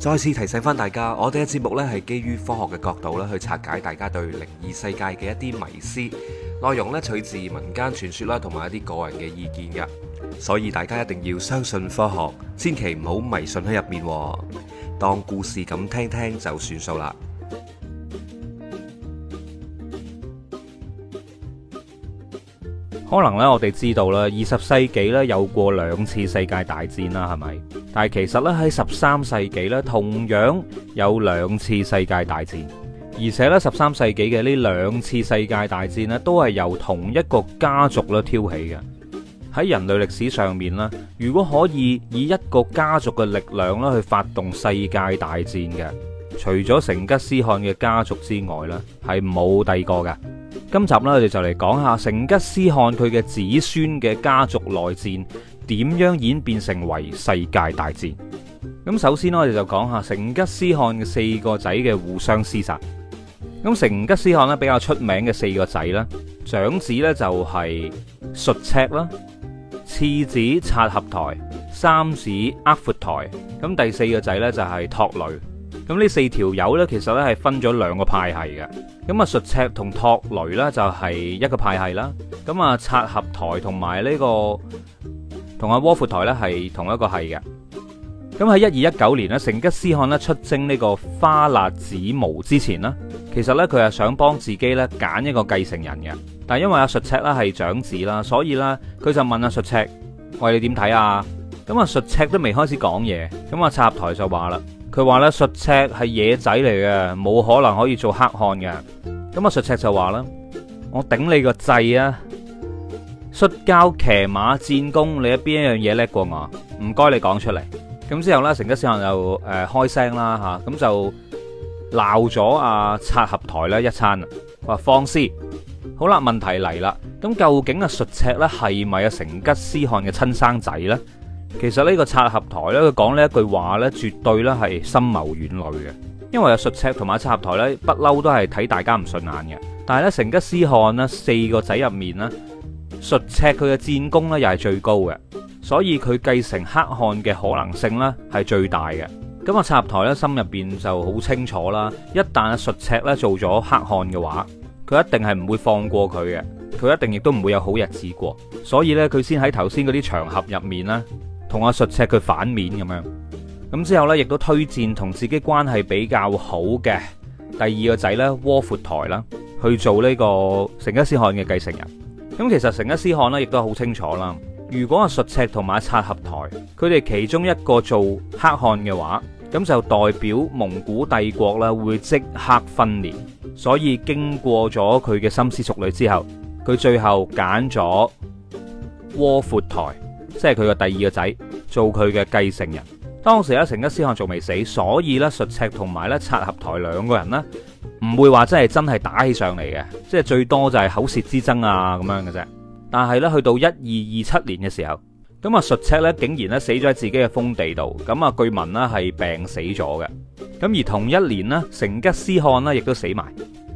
再次提醒翻大家，我哋嘅節目呢係基於科學嘅角度呢去拆解大家對靈異世界嘅一啲迷思，內容呢取自民間傳說啦，同埋一啲個人嘅意見嘅，所以大家一定要相信科學，千祈唔好迷信喺入面，當故事咁聽聽就算數啦。可能咧，我哋知道啦，二十世紀咧有過兩次世界大戰啦，係咪？但係其實咧喺十三世紀咧，同樣有兩次世界大戰，而且咧十三世紀嘅呢兩次世界大戰呢，都係由同一個家族咧挑起嘅。喺人類歷史上面呢，如果可以以一個家族嘅力量咧去發動世界大戰嘅，除咗成吉思汗嘅家族之外咧，係冇第二個嘅。今集咧，我哋就嚟講下成吉思汗佢嘅子孫嘅家族內戰，點樣演變成為世界大戰？咁首先我哋就講下成吉思汗嘅四個仔嘅互相廝殺。咁成吉思汗咧比較出名嘅四個仔啦，長子呢就係術赤啦，次子察合台，三子窩闊台，咁第四個仔呢，就係托雷。咁呢四條友呢，其實呢係分咗兩個派系嘅。咁啊，朮赤同托雷呢，就係一個派系啦。咁啊，察合台同埋呢個同阿窩闊台呢，係同一個系嘅。咁喺一二一九年呢，成吉思汗呢出征呢，這個花剌子模之前呢，其實呢，佢係想幫自己呢揀一個繼承人嘅。但係因為阿、啊、朮赤呢係長子啦，所以呢，佢就問阿、啊、朮赤，喂，你點睇啊？咁阿朮赤都未開始講嘢，咁阿察合台就話啦。佢話咧，術赤係野仔嚟嘅，冇可能可以做黑漢嘅。咁啊，術赤就話啦，我頂你個掣啊！摔跤、騎馬、戰功，你有邊一樣嘢叻過我？唔該，你講出嚟。咁之後咧，成吉思汗、呃聲啊啊嗯、就誒開聲啦吓，咁就鬧咗阿察合台咧一餐。話、啊、放肆。好啦，問題嚟啦。咁究竟啊，術赤咧係咪啊成吉思汗嘅親生仔咧？其實呢個拆合台咧，佢講呢一句話呢，絕對咧係深謀遠慮嘅。因為阿術赤同埋插合台呢，不嬲都係睇大家唔順眼嘅。但係呢，成吉思汗呢，四個仔入面呢，術赤佢嘅戰功呢又係最高嘅，所以佢繼承黑漢嘅可能性呢係最大嘅。咁啊，插合台呢，心入邊就好清楚啦。一旦阿術赤咧做咗黑漢嘅話，佢一定係唔會放過佢嘅，佢一定亦都唔會有好日子過。所以呢，佢先喺頭先嗰啲場合入面咧。同阿術赤佢反面咁樣，咁之後呢，亦都推薦同自己關係比較好嘅第二個仔呢，窩闊台啦，去做呢個成吉思汗嘅繼承人。咁、嗯、其實成吉思汗呢，亦都好清楚啦。如果阿術赤同埋阿察合台，佢哋其中一個做黑汗嘅話，咁就代表蒙古帝國啦會即刻分裂。所以經過咗佢嘅深思熟慮之後，佢最後揀咗窩闊台。即係佢個第二個仔做佢嘅繼承人。當時咧成吉思汗仲未死，所以咧術赤同埋咧察合台兩個人呢，唔會話真係真係打起上嚟嘅，即係最多就係口舌之爭啊，咁樣嘅啫。但係咧去到一二二七年嘅時候，咁啊，術赤咧竟然咧死咗喺自己嘅封地度，咁啊，據聞呢係病死咗嘅。咁而同一年呢，成吉思汗呢亦都死埋。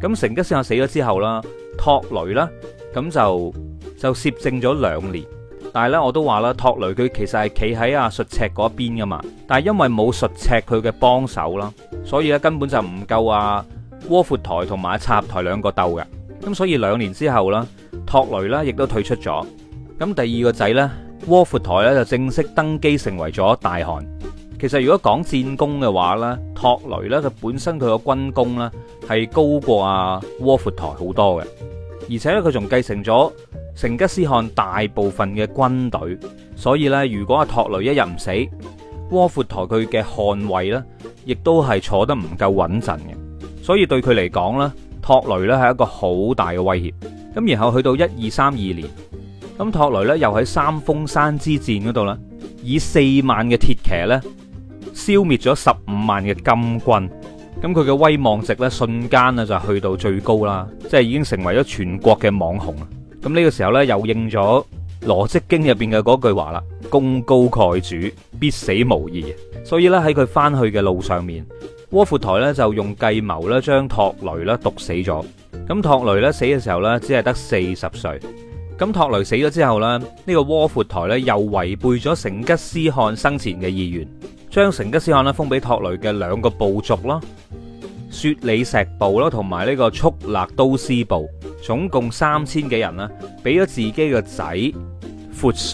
咁成吉思汗死咗之後啦，托雷啦咁就就攝政咗兩年。但係咧，我都話啦，托雷佢其實係企喺阿術赤嗰邊噶嘛，但係因為冇術赤佢嘅幫手啦，所以咧根本就唔夠阿、啊、窩闊台同埋、啊、插台兩個鬥嘅，咁所以兩年之後啦，托雷呢亦都退出咗，咁第二個仔呢，窩闊台呢就正式登基成為咗大汗。其實如果講戰功嘅話呢，托雷呢佢本身佢個軍功呢係高過阿、啊、窩闊台好多嘅。而且咧，佢仲繼承咗成吉思汗大部分嘅軍隊，所以咧，如果阿托雷一日唔死，窩闊台佢嘅汗位咧，亦都係坐得唔夠穩陣嘅，所以對佢嚟講咧，托雷咧係一個好大嘅威脅。咁然後去到一二三二年，咁托雷咧又喺三峰山之戰嗰度啦，以四萬嘅鐵騎咧，消滅咗十五萬嘅金軍。咁佢嘅威望值咧，瞬間啊就去到最高啦，即係已經成為咗全國嘅網紅。咁、這、呢個時候呢，又應咗《羅質經》入邊嘅嗰句話啦，功高蓋主，必死無疑。所以咧，喺佢翻去嘅路上面，窩闊台呢就用計謀咧將托雷呢毒死咗。咁托雷呢死嘅時候呢，只係得四十歲。咁托雷死咗之後呢，呢、這個窩闊台呢又違背咗成吉思汗生前嘅意願。將成吉思汗咧封俾托雷嘅兩個部族啦，雪裏石部啦，同埋呢個速勒都斯部，總共三千幾人啦，俾咗自己嘅仔闊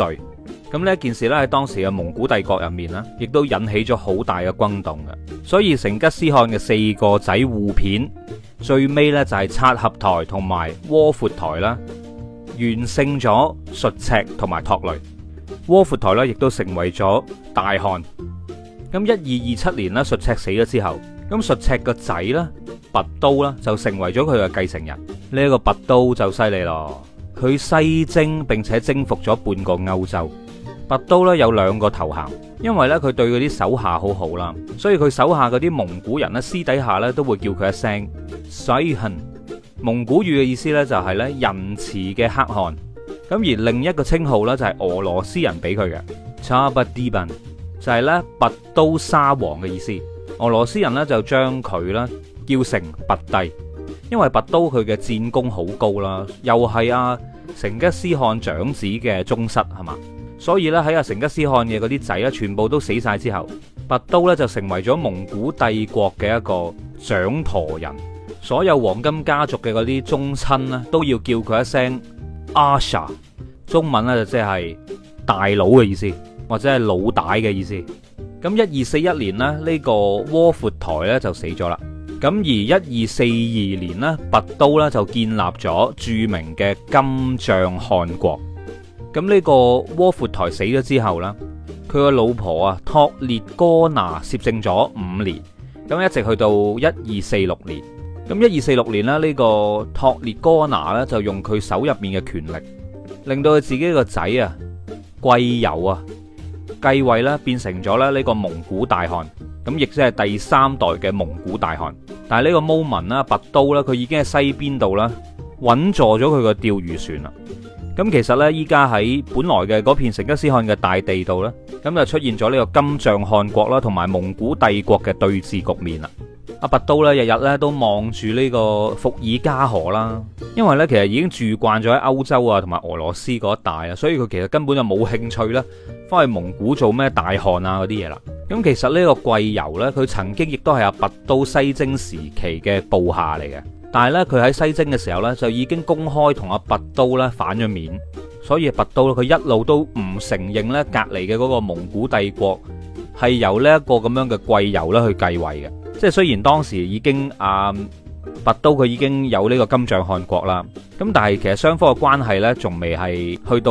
瑞。咁呢件事咧喺當時嘅蒙古帝國入面咧，亦都引起咗好大嘅轟動嘅。所以成吉思汗嘅四個仔護片最尾呢就係察合台同埋窩闊台啦，完勝咗術赤同埋托雷。窩闊台咧亦都成為咗大汗。咁一二二七年呢術赤死咗之後，咁術赤個仔呢拔都呢，就成為咗佢嘅繼承人。呢、這、一個拔都就犀利咯，佢西征並且征服咗半個歐洲。拔都呢，有兩個頭銜，因為呢，佢對嗰啲手下好好啦，所以佢手下嗰啲蒙古人呢，私底下呢，都會叫佢一聲 Sayan，蒙古語嘅意思呢，就係呢「仁慈嘅黑汗」。咁而另一個稱號呢，就係俄羅斯人俾佢嘅 Chabadibin 就係咧拔都沙皇嘅意思，俄羅斯人呢就將佢呢叫成拔帝，因為拔都佢嘅戰功好高啦，又係阿成吉思汗長子嘅宗室係嘛，所以呢，喺阿成吉思汗嘅嗰啲仔呢，全部都死晒之後，拔都呢就成為咗蒙古帝國嘅一個掌舵人，所有黃金家族嘅嗰啲宗親呢，都要叫佢一聲阿 Sa。中文呢，就即係大佬嘅意思。或者係老大嘅意思。咁一二四一年呢，呢、這個窩闊台呢就死咗啦。咁而一二四二年呢，拔都呢就建立咗著名嘅金帳汗國。咁、這、呢個窩闊台死咗之後呢，佢個老婆啊，托列哥娜攝政咗五年。咁一直去到一二四六年。咁一二四六年呢，呢、這個托列哥娜呢就用佢手入面嘅權力，令到佢自己個仔啊，貴友啊。繼位啦，變成咗啦呢個蒙古大汗，咁亦即係第三代嘅蒙古大汗。但係呢個蒙文啦、拔都，啦，佢已經喺西邊度啦，穩坐咗佢個釣魚船啦。咁其實呢，依家喺本來嘅嗰片成吉思汗嘅大地度咧，咁就出現咗呢個金帳汗國啦，同埋蒙古帝國嘅對峙局面啦。阿拔都咧，日日咧都望住呢個伏爾加河啦。因為咧，其實已經住慣咗喺歐洲啊，同埋俄羅斯嗰一帶啊，所以佢其實根本就冇興趣啦。翻去蒙古做咩大汗啊嗰啲嘢啦。咁其實呢個貴由呢，佢曾經亦都係阿拔都西征時期嘅部下嚟嘅，但係呢，佢喺西征嘅時候呢，就已經公開同阿拔都咧反咗面，所以拔都佢一路都唔承認呢隔離嘅嗰個蒙古帝國係由呢一個咁樣嘅貴由咧去繼位嘅。即係雖然當時已經阿拔都，佢已經有呢個金帳汗國啦，咁但係其實雙方嘅關係呢，仲未係去到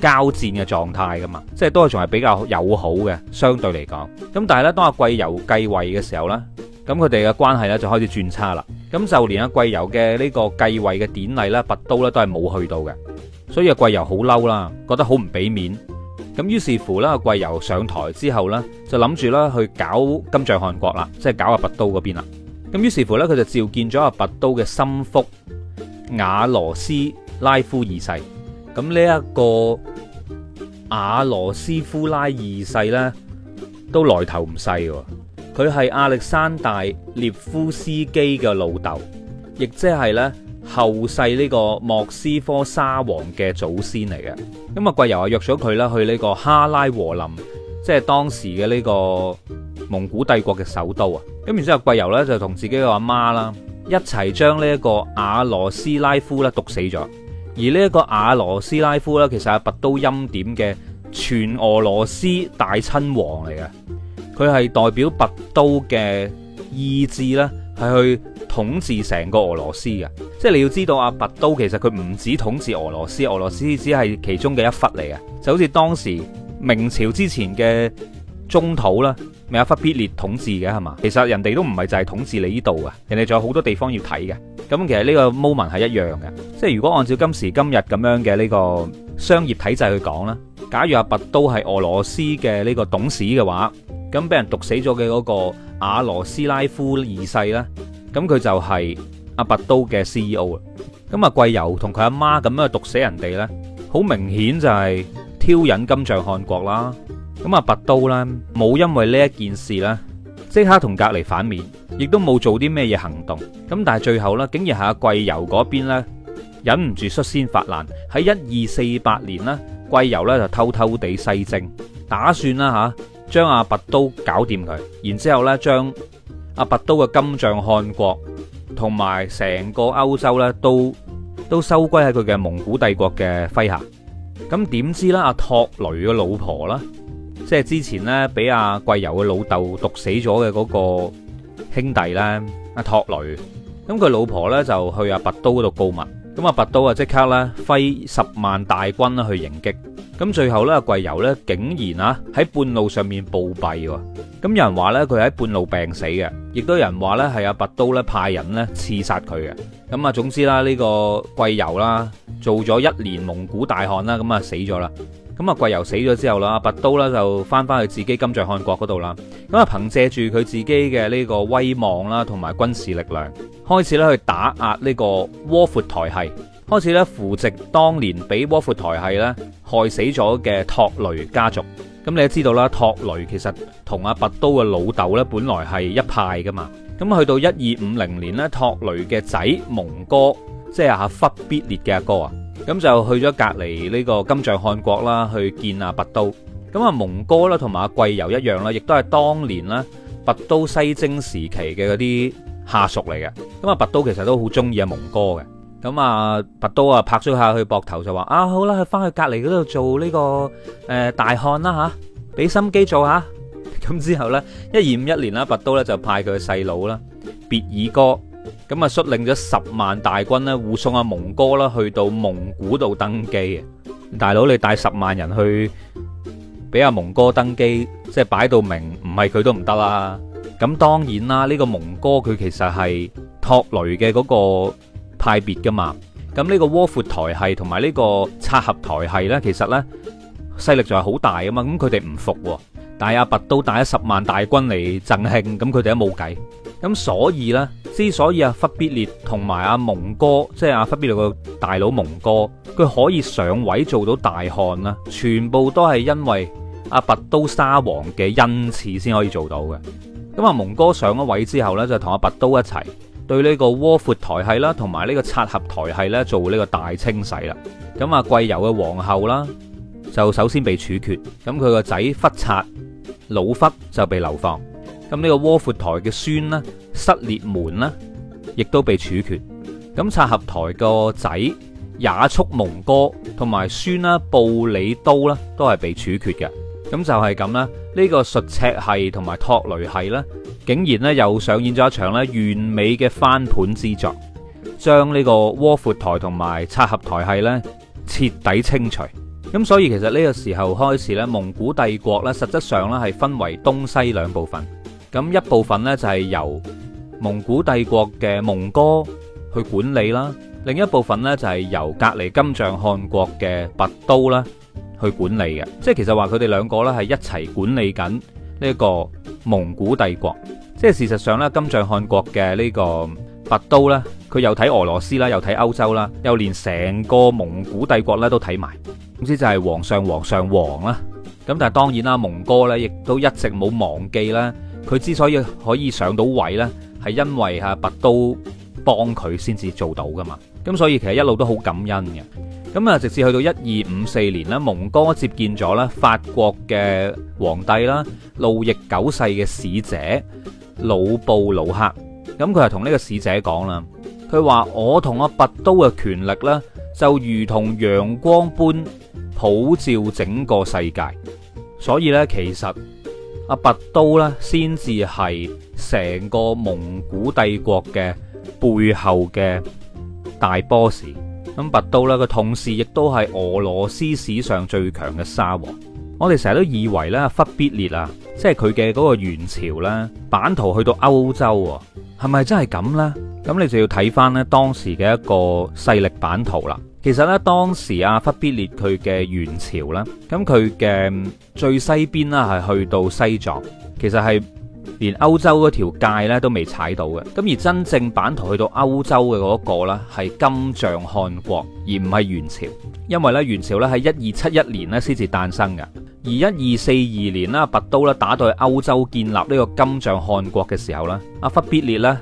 交戰嘅狀態噶嘛，即係都係仲係比較友好嘅，相對嚟講。咁但係呢，當阿貴由繼位嘅時候呢，咁佢哋嘅關係呢，就開始轉差啦。咁就連阿貴由嘅呢個繼位嘅典禮呢，拔都呢都係冇去到嘅，所以阿貴由好嬲啦，覺得好唔俾面。咁於是乎阿貴由上台之後咧，就諗住啦去搞金帳汗國啦，即係搞阿拔都嗰邊啦。咁於是乎咧，佢就召見咗阿拔都嘅心腹瓦羅斯拉夫二世。咁呢一個瓦羅斯夫拉二世咧，都來頭唔細喎。佢係亞歷山大列夫斯基嘅老豆，亦即係咧。後世呢個莫斯科沙皇嘅祖先嚟嘅，咁啊，貴由啊，約咗佢啦去呢個哈拉和林，即係當時嘅呢個蒙古帝國嘅首都啊。咁然之後，貴由咧就同自己個阿媽啦一齊將呢一個亞羅斯拉夫啦毒死咗。而呢一個亞羅斯拉夫啦，其實係拔都欽點嘅全俄羅斯大親王嚟嘅，佢係代表拔都嘅意志啦。係去統治成個俄羅斯嘅，即係你要知道阿拔都其實佢唔止統治俄羅斯，俄羅斯只係其中嘅一忽嚟嘅，就好似當時明朝之前嘅中土啦，咪阿忽必烈統治嘅係嘛？其實人哋都唔係就係統治你呢度嘅，人哋仲有好多地方要睇嘅。咁其實呢個 moment 係一樣嘅，即係如果按照今時今日咁樣嘅呢個商業體制去講啦，假如阿拔都係俄羅斯嘅呢個董事嘅話，咁俾人毒死咗嘅嗰個，阿羅斯拉夫二世啦，咁佢就係阿拔都嘅 C E O 啦。咁啊，貴由同佢阿媽咁樣毒死人哋咧，好明顯就係挑釁金帳汗國啦。咁啊，拔都呢，冇因為呢一件事咧，即刻同隔籬反面，亦都冇做啲咩嘢行動。咁但係最後咧，竟然係阿貴由嗰邊呢，忍唔住率先發難，喺一二四八年咧，貴由呢就偷偷地西征，打算啦吓。將阿拔都搞掂佢，然之後咧，將阿拔都嘅金帳汗國，同埋成個歐洲咧，都都收歸喺佢嘅蒙古帝國嘅麾下。咁點知咧，阿托雷嘅老婆啦，即係之前咧，俾阿貴由嘅老豆毒死咗嘅嗰個兄弟咧，阿托雷，咁佢老婆咧就去阿拔都嗰度告密。咁啊，拔都啊，即刻咧，揮十萬大軍啦去迎擊。咁最後咧，貴由咧竟然啊喺半路上面暴斃。咁有人話咧，佢喺半路病死嘅，亦都有人話咧係阿拔都咧派人咧刺殺佢嘅。咁啊，總之啦，呢個貴由啦，做咗一年蒙古大汗啦，咁啊死咗啦。咁啊，貴由死咗之後啦，拔都啦就翻翻去自己金帳汗國嗰度啦。咁啊，憑借住佢自己嘅呢個威望啦，同埋軍事力量，開始咧去打壓呢個窩闊台系，開始咧扶植當年俾窩闊台系咧害死咗嘅托雷家族。咁你都知道啦，托雷其實同阿拔都嘅老豆咧，本來係一派噶嘛。咁去到一二五零年咧，托雷嘅仔蒙哥，即係阿忽必烈嘅阿哥啊。咁就去咗隔離呢個金帳汗國啦，去見阿、啊、拔都。咁、嗯、啊，蒙哥啦，同埋阿貴由一樣啦，亦都係當年啦拔都西征時期嘅嗰啲下屬嚟嘅。咁、嗯、啊，拔都其實都好中意阿蒙哥嘅。咁、嗯、啊，拔都啊拍咗下去膊頭就話：啊好啦，去翻去隔離嗰度做呢、這個誒、呃、大汗啦嚇，俾、啊、心機做嚇、啊。咁、啊、之後呢，一二五一年啦，拔都咧就派佢嘅細佬啦，別爾哥，咁啊，率領咗十萬大軍咧，護送阿蒙哥啦去到蒙古度登基嘅。大佬，你帶十萬人去，俾阿蒙哥登基，即係擺到明，唔係佢都唔得啦。咁當然啦，呢個蒙哥佢其實係托雷嘅嗰個派別噶嘛。咁呢個窩闊台係同埋呢個察合台系咧，其實咧勢力就係好大噶嘛。咁佢哋唔服啊。但阿拔都帶咗十萬大軍嚟贈慶，咁佢哋都冇計。咁所以呢，之所以阿忽必烈同埋阿蒙哥，即係阿忽必烈個大佬蒙哥，佢可以上位做到大汗啦，全部都係因為阿拔都沙皇嘅恩賜先可以做到嘅。咁阿蒙哥上咗位之後呢，就同阿拔都一齊對呢個窩闊台系啦，同埋呢個察合台系呢做呢個大清洗啦。咁阿貴由嘅皇后啦，就首先被處決。咁佢個仔忽察。老忽就被流放，咁、這、呢個窩闊台嘅孫呢，失烈門呢，亦都被處決。咁察合台個仔也速蒙哥同埋孫啦，布里都啦，都係被處決嘅。咁就係咁啦，呢、這個朮赤系同埋托雷系啦，竟然，呢又上演咗一場呢完美嘅翻盤之作，將呢個窩闊台同埋察合台系呢徹底清除。咁所以其實呢個時候開始咧，蒙古帝國咧，實質上咧係分為東西兩部分。咁一部分呢就係由蒙古帝國嘅蒙哥去管理啦，另一部分呢就係由隔離金帳汗國嘅拔都咧去管理嘅。即係其實話佢哋兩個咧係一齊管理緊呢一個蒙古帝國。即係事實上咧，金帳汗國嘅呢個拔都，咧，佢又睇俄羅斯啦，又睇歐洲啦，又連成個蒙古帝國咧都睇埋。總之就係皇上皇上皇啦。咁但係當然啦，蒙哥咧亦都一直冇忘記啦。佢之所以可以上到位咧，係因為阿拔刀幫佢先至做到噶嘛。咁所以其實一路都好感恩嘅。咁啊，直至去到一二五四年啦，蒙哥接見咗咧法國嘅皇帝啦，路易九世嘅使者魯布魯克。咁佢係同呢個使者講啦，佢話我同阿拔刀嘅權力咧，就如同陽光般，普照整個世界，所以呢，其實阿拔都呢先至係成個蒙古帝國嘅背後嘅大 boss。咁拔都呢個同時亦都係俄羅斯史上最強嘅沙皇。我哋成日都以為呢，忽必烈啊，即係佢嘅嗰個元朝呢，版圖去到歐洲，係咪真係咁呢？咁你就要睇翻呢當時嘅一個勢力版圖啦。其實咧，當時阿忽必烈佢嘅元朝啦，咁佢嘅最西邊呢係去到西藏，其實係連歐洲嗰條界呢都未踩到嘅。咁而真正版圖去到歐洲嘅嗰個咧，係金帳汗國，而唔係元朝，因為呢元朝呢喺一二七一年咧先至誕生嘅。而一二四二年呢，拔刀咧打到去歐洲建立呢個金帳汗國嘅時候呢，阿忽必烈呢，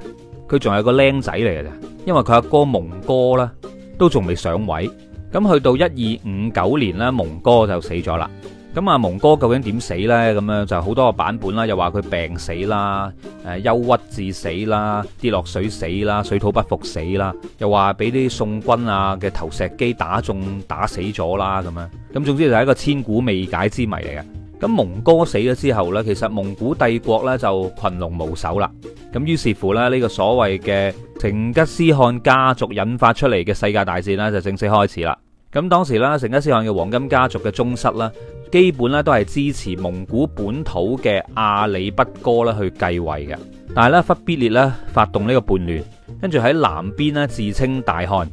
佢仲係個僆仔嚟嘅啫，因為佢阿哥蒙哥啦。都仲未上位，咁去到一二五九年咧，蒙哥就死咗啦。咁啊，蒙哥究竟點死呢？咁樣就好多個版本啦，又話佢病死啦，誒憂鬱致死啦，跌落水死啦，水土不服死啦，又話俾啲宋軍啊嘅投石機打中打死咗啦，咁樣。咁總之就係一個千古未解之謎嚟嘅。咁蒙哥死咗之後呢，其實蒙古帝國呢就群龍無首啦。咁於是乎呢，呢個所謂嘅成吉思汗家族引發出嚟嘅世界大戰呢，就正式開始啦。咁當時呢，成吉思汗嘅黃金家族嘅宗室呢，基本呢都係支持蒙古本土嘅阿里不哥呢去繼位嘅。但係呢，忽必烈呢發動呢個叛亂，跟住喺南邊呢，自稱大汗。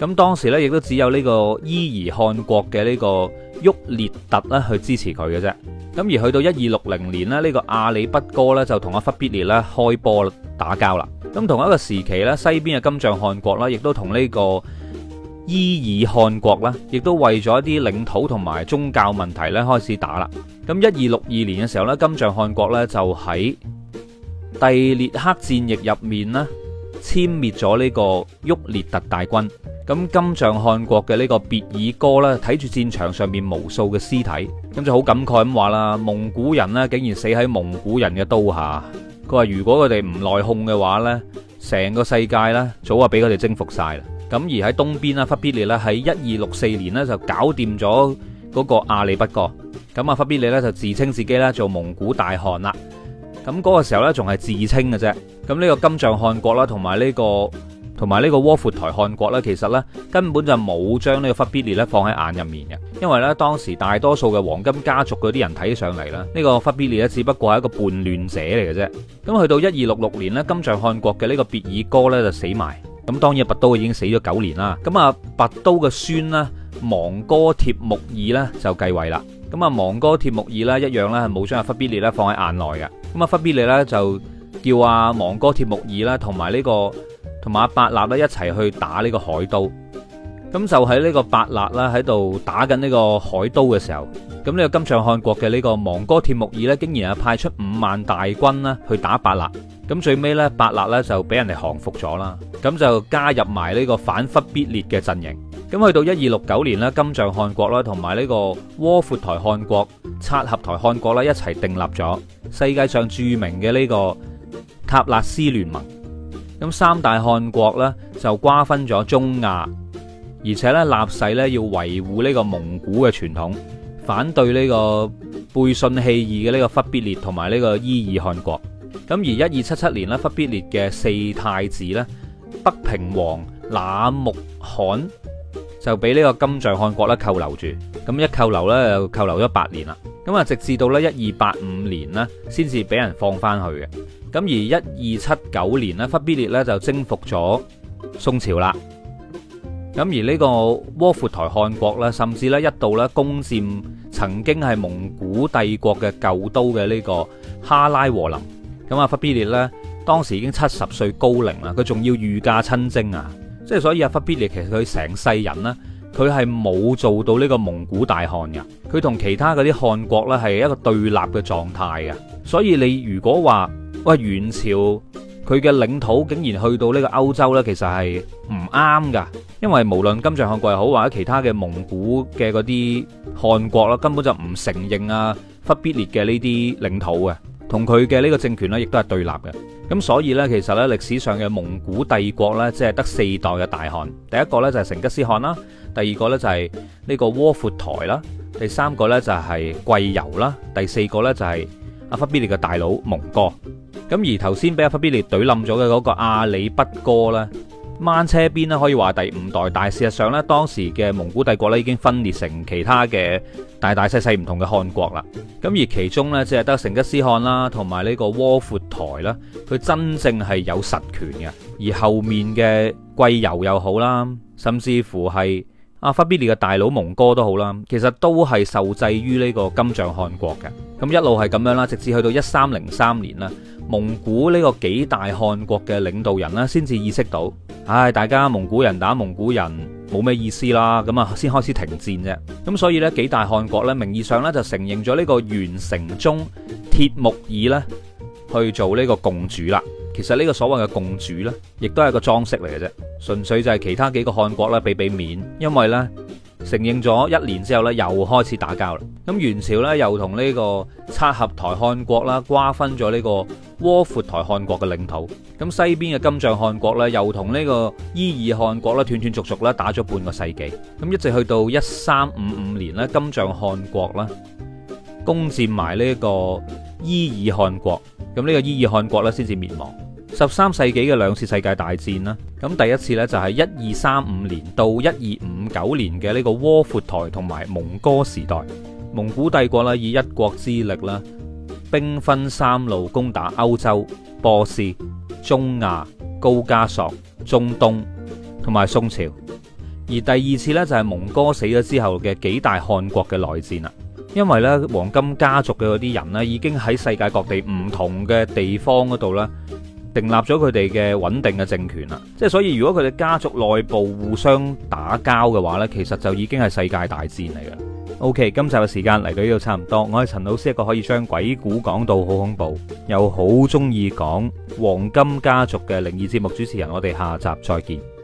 咁當時呢，亦都只有呢個伊兒汗國嘅呢個沃列特啦，去支持佢嘅啫。咁而去到一二六零年呢，呢、呢個阿里不哥呢，就同阿忽必烈咧，開波打交啦。咁同一個時期呢，西邊嘅金帳汗國咧，亦都同呢個伊爾汗國咧，亦都為咗一啲領土同埋宗教問題咧開始打啦。咁一二六二年嘅時候呢，金帳汗國呢，就喺第列克戰役入面呢。殲滅咗呢個兀列特大軍，咁金帳汗國嘅呢個別爾哥呢，睇住戰場上面無數嘅屍體，咁就好感慨咁話啦：蒙古人呢，竟然死喺蒙古人嘅刀下。佢話如果佢哋唔內訌嘅話呢，成個世界呢，早就俾佢哋征服晒啦。咁而喺東邊呢，忽必烈呢，喺一二六四年呢，就搞掂咗嗰個阿里不哥，咁啊忽必烈呢，就自稱自己呢，做蒙古大汗啦。咁嗰個時候呢，仲係自稱嘅啫。咁呢個金帳汗國啦、這個，同埋呢個同埋呢個窩闊台汗國呢，其實呢根本就冇將呢個忽必烈呢放喺眼入面嘅，因為呢當時大多數嘅黃金家族嗰啲人睇上嚟呢，呢、這個忽必烈呢只不過係一個叛亂者嚟嘅啫。咁去到一二六六年呢，金帳汗國嘅呢個別爾哥呢就死埋。咁當然拔都已經死咗九年啦。咁啊，拔都嘅孫呢，忙哥帖木兒呢就繼位啦。咁啊，忙哥帖木兒呢一樣咧冇將阿忽必烈呢放喺眼內嘅。咁啊，忽必烈咧就叫阿、啊、芒哥鐵木爾啦，同埋、這個啊、呢個同埋阿伯納咧一齊去打呢個海都。咁就喺呢個伯納啦喺度打緊呢個海都嘅時候，咁呢個金帳汗國嘅呢個芒哥鐵木爾呢，竟然係派出五萬大軍啦去打伯納。咁最尾呢，伯納呢，就俾人哋降服咗啦。咁就加入埋呢個反忽必烈嘅陣營。咁去到一二六九年咧，金帳汗國啦，同埋呢個窩闊台汗國、察合台汗國啦，一齊訂立咗世界上著名嘅呢個塔勒斯聯盟。咁三大汗國呢，就瓜分咗中亞，而且呢立誓呢，要維護呢個蒙古嘅傳統，反對呢個背信棄義嘅呢個忽必烈同埋呢個伊爾汗國。咁而一二七七年呢，忽必烈嘅四太子呢，北平王那木罕，就俾呢個金帳汗國咧扣留住，咁一扣留咧就扣留咗八年啦。咁啊，直至到咧一二八五年呢，先至俾人放翻去嘅。咁而一二七九年呢，忽必烈咧就征服咗宋朝啦。咁而呢個窩闊台汗國呢，甚至呢一度呢，攻佔曾經係蒙古帝國嘅舊都嘅呢個哈拉和林。咁啊，忽必烈呢，當時已經七十歲高齡啦，佢仲要御駕親征啊！即係所以阿忽必烈其實佢成世人呢，佢係冇做到呢個蒙古大汗㗎，佢同其他嗰啲汗國呢係一個對立嘅狀態㗎。所以你如果話喂，元朝佢嘅領土竟然去到呢個歐洲呢，其實係唔啱㗎，因為無論金帳汗國又好，或者其他嘅蒙古嘅嗰啲汗國啦，根本就唔承認阿、啊、忽必烈嘅呢啲領土嘅。同佢嘅呢個政權呢，亦都係對立嘅。咁所以呢，其實呢，歷史上嘅蒙古帝國呢，只係得四代嘅大汗。第一個呢，就係成吉思汗啦，第二個呢，就係呢個窩闊台啦，第三個呢，就係貴由啦，第四個呢，就係阿忽必烈嘅大佬蒙哥。咁而頭先俾阿忽必烈懟冧咗嘅嗰個阿里不哥呢。掹車邊啦，可以話第五代，但係事實上咧，當時嘅蒙古帝國咧已經分裂成其他嘅大大細細唔同嘅汗國啦。咁而其中呢，即係得成吉思汗啦，同埋呢個窩闊台啦，佢真正係有實權嘅。而後面嘅貴由又好啦，甚至乎係阿忽必烈嘅大佬蒙哥都好啦，其實都係受制於呢個金帳汗國嘅。咁一路係咁樣啦，直至去到一三零三年啦。蒙古呢個幾大漢國嘅領導人呢，先至意識到，唉，大家蒙古人打蒙古人冇咩意思啦，咁啊先開始停戰啫。咁所以呢，幾大漢國呢，名義上呢，就承認咗呢個元成宗鐵木爾呢去做呢個共主啦。其實呢個所謂嘅共主呢，亦都係個裝飾嚟嘅啫，純粹就係其他幾個漢國咧俾俾面，因為呢。承認咗一年之後咧，又開始打交啦。咁元朝咧，又同呢個察合台汗國啦瓜分咗呢個窩闊台汗國嘅領土。咁西邊嘅金帳汗國咧，又同呢個伊爾汗國咧斷斷續續咧打咗半個世紀。咁一直去到一三五五年咧，金帳汗國啦攻佔埋呢個伊爾汗國，咁呢個伊爾汗國咧先至滅亡。十三世紀嘅兩次世界大戰啦，咁第一次呢，就係一二三五年到一二五九年嘅呢個窩闊台同埋蒙哥時代，蒙古帝國呢，以一國之力啦，兵分三路攻打歐洲、波斯、中亞、高加索、中東同埋宋朝。而第二次呢，就係蒙哥死咗之後嘅幾大汗國嘅內戰啦，因為呢，黃金家族嘅嗰啲人呢，已經喺世界各地唔同嘅地方嗰度咧，成立咗佢哋嘅穩定嘅政權啦，即係所以如果佢哋家族內部互相打交嘅話呢，其實就已經係世界大戰嚟嘅。OK，今集嘅時間嚟到呢度差唔多，我係陳老師，一個可以將鬼故講到好恐怖，又好中意講黃金家族嘅靈異節目主持人，我哋下集再見。